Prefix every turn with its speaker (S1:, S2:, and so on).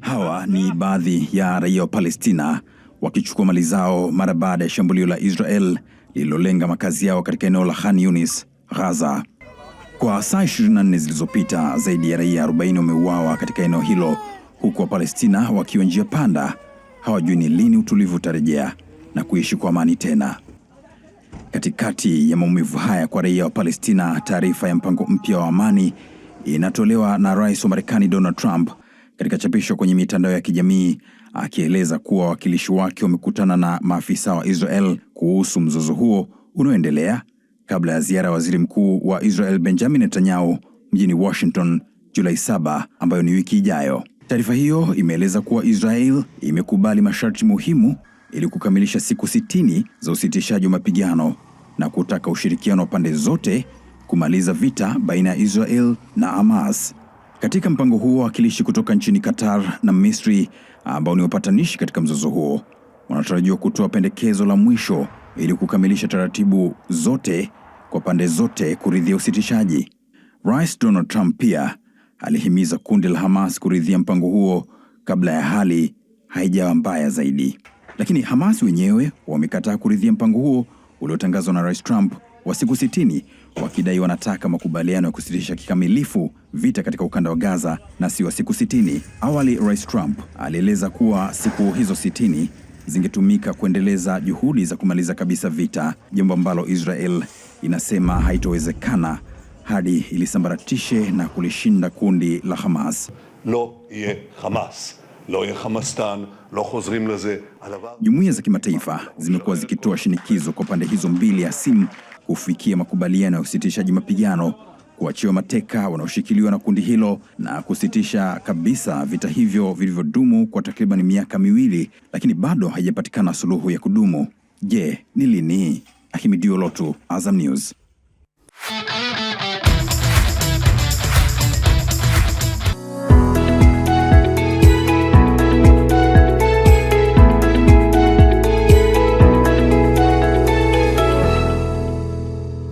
S1: Hawa ni baadhi ya raia wa Palestina wakichukua mali zao mara baada ya shambulio la Israel lililolenga makazi yao katika eneo la Khan Yunis, Gaza. Kwa saa 24 zilizopita, zaidi ya raia 40 wameuawa katika eneo hilo, huku Wapalestina wakiwa njia panda, hawajui ni lini utulivu utarejea na kuishi kwa amani tena. Katikati ya maumivu haya kwa raia wa Palestina, taarifa ya mpango mpya wa amani inatolewa na rais wa Marekani Donald Trump katika chapisho kwenye mitandao ya kijamii akieleza kuwa wawakilishi wake wamekutana na maafisa wa Israel kuhusu mzozo huo unaoendelea kabla ya ziara ya waziri mkuu wa Israel Benjamin Netanyahu mjini Washington Julai 7 ambayo ni wiki ijayo. Taarifa hiyo imeeleza kuwa Israel imekubali masharti muhimu ili kukamilisha siku sitini za usitishaji wa mapigano na kutaka ushirikiano wa pande zote kumaliza vita baina ya Israel na Hamas. Katika mpango huo, wakilishi kutoka nchini Qatar na Misri ambao ni wapatanishi katika mzozo huo wanatarajiwa kutoa pendekezo la mwisho ili kukamilisha taratibu zote kwa pande zote kuridhia usitishaji. Rais Donald Trump pia alihimiza kundi la Hamas kuridhia mpango huo kabla ya hali haijawa mbaya zaidi. Lakini Hamas wenyewe wamekataa kuridhia mpango huo uliotangazwa na Rais Trump wa siku sitini wakidai wanataka makubaliano ya kusitisha kikamilifu vita katika ukanda wa Gaza na si wa siku sitini. Awali Rais Trump alieleza kuwa siku hizo sitini zingetumika kuendeleza juhudi za kumaliza kabisa vita, jambo ambalo Israel inasema haitowezekana hadi ilisambaratishe na kulishinda kundi la Hamas. Lo ye Hamas Jumuiya za kimataifa zimekuwa zikitoa shinikizo kwa pande hizo mbili ya simu kufikia makubaliano ya usitishaji mapigano, kuachiwa mateka wanaoshikiliwa na kundi hilo na kusitisha kabisa vita hivyo vilivyodumu kwa takriban miaka miwili, lakini bado haijapatikana suluhu ya kudumu. Je, ni lini? Ahimidio Lotu, Azam News.